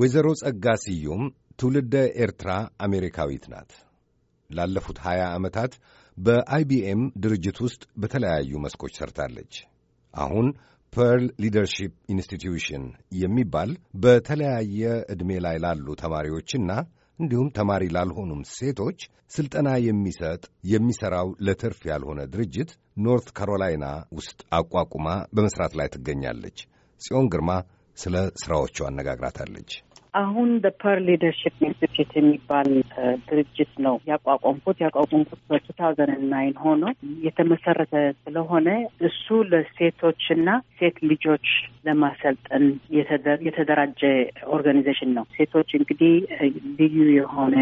ወይዘሮ ጸጋ ስዩም ትውልደ ኤርትራ አሜሪካዊት ናት። ላለፉት 20 ዓመታት በአይቢኤም ድርጅት ውስጥ በተለያዩ መስኮች ሰርታለች። አሁን ፐርል ሊደርሺፕ ኢንስቲትዩሽን የሚባል በተለያየ ዕድሜ ላይ ላሉ ተማሪዎችና እንዲሁም ተማሪ ላልሆኑም ሴቶች ሥልጠና የሚሰጥ የሚሠራው ለትርፍ ያልሆነ ድርጅት ኖርት ካሮላይና ውስጥ አቋቁማ በመሥራት ላይ ትገኛለች። ጽዮን ግርማ ስለ ሥራዎቹ አነጋግራታለች። አሁን በፐር ሊደርሽፕ ኢንስቲትዩት የሚባል uh, ድርጅት ነው ያቋቋምኩት። ያቋቋምኩት በቱ ታውዘንድ ናይን ሆኖ የተመሰረተ ስለሆነ እሱ ለሴቶችና ሴት ልጆች ለማሰልጠን የተደራጀ ኦርጋኒዜሽን ነው። ሴቶች እንግዲህ uh, ልዩ የሆነ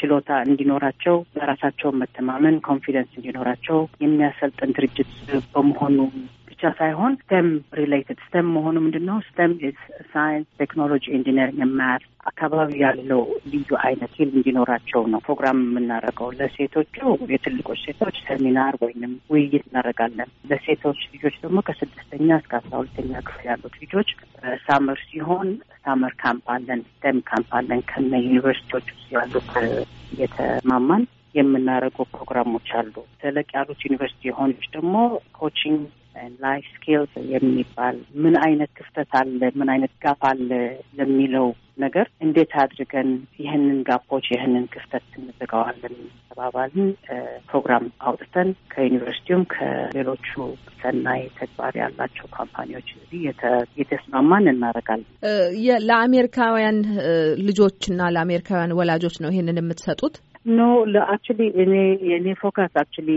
ችሎታ እንዲኖራቸው፣ በራሳቸው መተማመን ኮንፊደንስ እንዲኖራቸው የሚያሰልጥን ድርጅት በመሆኑ ብቻ ሳይሆን ስተም ሪሌትድ ስተም መሆኑ ምንድን ነው? ስተም ሳይንስ፣ ቴክኖሎጂ፣ ኢንጂነሪንግ ማት አካባቢ ያለው ልዩ አይነት ፊልም እንዲኖራቸው ነው ፕሮግራም የምናደርገው። ለሴቶቹ የትልቆች ሴቶች ሰሚናር ወይንም ውይይት እናደርጋለን። ለሴቶች ልጆች ደግሞ ከስድስተኛ እስከ አስራ ሁለተኛ ክፍል ያሉት ልጆች ሳመር ሲሆን ሳመር ካምፕ አለን፣ ስተም ካምፕ አለን። ከነ ዩኒቨርሲቲዎች ውስጥ ያሉት የተማማን የምናደርገው ፕሮግራሞች አሉ። ተለቅ ያሉት ዩኒቨርሲቲ የሆኖች ደግሞ ኮችንግ ላይፍ ስኪልስ የሚባል ምን አይነት ክፍተት አለ፣ ምን አይነት ጋፕ አለ ለሚለው ነገር እንዴት አድርገን ይህንን ጋፖች ይህንን ክፍተት እንዘጋዋለን ተባባልን። ፕሮግራም አውጥተን ከዩኒቨርሲቲውም ከሌሎቹ ሰናይ ተግባር ያላቸው ካምፓኒዎች እዚህ የተስማማን እናደርጋለን። ለአሜሪካውያን ልጆችና ለአሜሪካውያን ወላጆች ነው ይህንን የምትሰጡት? ኖ ለአክቹሊ እኔ የእኔ ፎከስ አክቹሊ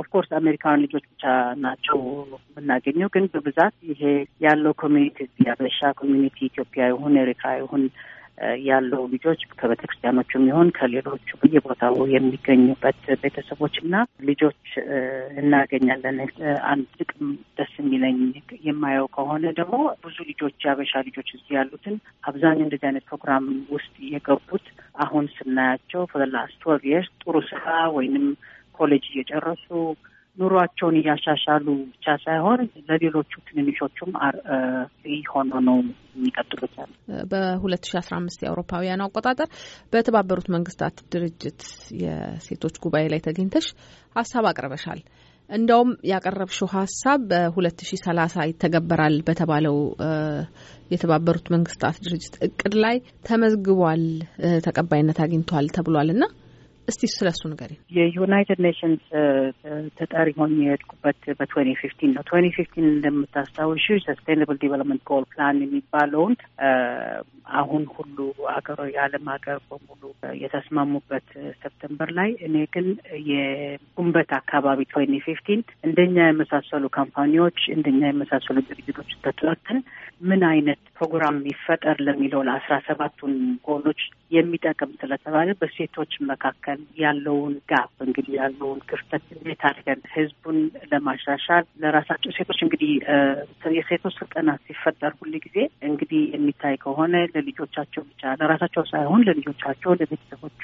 ኦፍኮርስ አሜሪካውያን ልጆች ብቻ ናቸው የምናገኘው፣ ግን በብዛት ይሄ ያለው ኮሚኒቲ እዚህ ኮሚኒቲ ኢትዮጵያ ይሁን ኤሪትራ ይሁን ያለው ልጆች ከቤተክርስቲያኖችም ይሁን ከሌሎቹ በየቦታው የሚገኙበት ቤተሰቦች እና ልጆች እናገኛለን። አንድ ጥቅም ደስ የሚለኝ የማየው ከሆነ ደግሞ ብዙ ልጆች የአበሻ ልጆች እዚህ ያሉትን አብዛኛው እንደዚህ አይነት ፕሮግራም ውስጥ የገቡት አሁን ስናያቸው ፎር ላስት ጥሩ ስራ ወይንም ኮሌጅ እየጨረሱ ኑሯቸውን እያሻሻሉ ብቻ ሳይሆን ለሌሎቹ ትንንሾቹም ሆኖ ነው የሚቀጥሉት። በሁለት ሺ አስራ አምስት የአውሮፓውያኑ አቆጣጠር በተባበሩት መንግስታት ድርጅት የሴቶች ጉባኤ ላይ ተገኝተሽ ሀሳብ አቅርበሻል። እንደውም ያቀረብሽው ሀሳብ በ2030 ይተገበራል በተባለው የተባበሩት መንግስታት ድርጅት እቅድ ላይ ተመዝግቧል፣ ተቀባይነት አግኝቷል ተብሏል እና እስቲ እሱ ንገሪ። የዩናይትድ ኔሽንስ ተጠሪ ሆኜ የሄድኩበት በትዌንቲ ፊፍቲን ነው። ትዌንቲ ፊፍቲን እንደምታስታውሽ ሰስቴናብል ዲቨሎፕመንት ጎል ፕላን የሚባለውን አሁን ሁሉ ሀገሮ የዓለም ሀገር በሙሉ የተስማሙበት ሰፕተምበር ላይ እኔ ግን የጉንበት አካባቢ ትዌንቲ ፊፍቲን እንደኛ የመሳሰሉ ካምፓኒዎች እንደኛ የመሳሰሉ ድርጅቶች ተጠቅን ምን አይነት ፕሮግራም ይፈጠር ለሚለው ለአስራ ሰባቱን ጎሎች የሚጠቅም ስለተባለ በሴቶች መካከል ያለውን ጋፕ እንግዲህ ያለውን ክፍተት እንዴት አድርገን ህዝቡን ለማሻሻል ለራሳቸው ሴቶች እንግዲህ የሴቶች ስልጠና ሲፈጠር ሁል ጊዜ እንግዲህ የሚታይ ከሆነ ለልጆቻቸው ብቻ ለራሳቸው ሳይሆን ለልጆቻቸው፣ ለቤተሰቦቹ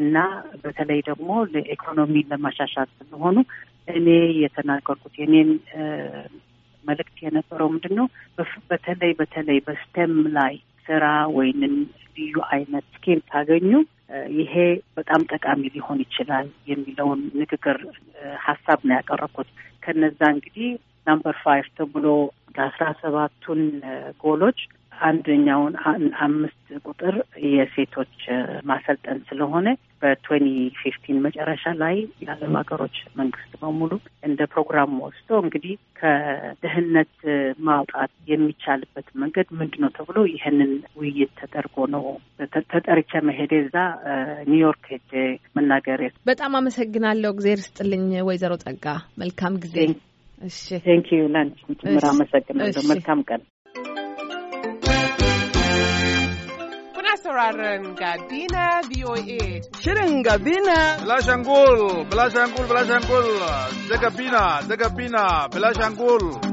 እና በተለይ ደግሞ ለኢኮኖሚን ለማሻሻል ስለሆኑ እኔ የተናገርኩት የኔን መልእክት የነበረው ምንድን ነው በተለይ በተለይ በስተም ላይ ስራ ወይንም ልዩ አይነት ስኪም ካገኙ ይሄ በጣም ጠቃሚ ሊሆን ይችላል የሚለውን ንግግር ሀሳብ ነው ያቀረብኩት። ከነዛ እንግዲህ ናምበር ፋይቭ ተብሎ ከአስራ ሰባቱን ጎሎች አንደኛውን አምስት ቁጥር የሴቶች ማሰልጠን ስለሆነ በትዌንቲ ፊፍቲን መጨረሻ ላይ የዓለም ሀገሮች መንግስት በሙሉ እንደ ፕሮግራም ወስዶ እንግዲህ ከድህነት ማውጣት የሚቻልበት መንገድ ምንድን ነው ተብሎ ይህንን ውይይት ተደርጎ ነው ተጠርቼ መሄዴ እዛ ኒውዮርክ ሄጄ መናገር። በጣም አመሰግናለሁ። እግዜር ስጥልኝ ወይዘሮ ጸጋ መልካም ጊዜ። እሺ ቴንኪዩ ላንቺ አመሰግናለሁ። መልካም ቀን sauraron Gabina VOA. Shirin Gabina. Bilashangul, Bilashangul, Bilashangul, Zagabina, Zagabina, Bilashangul.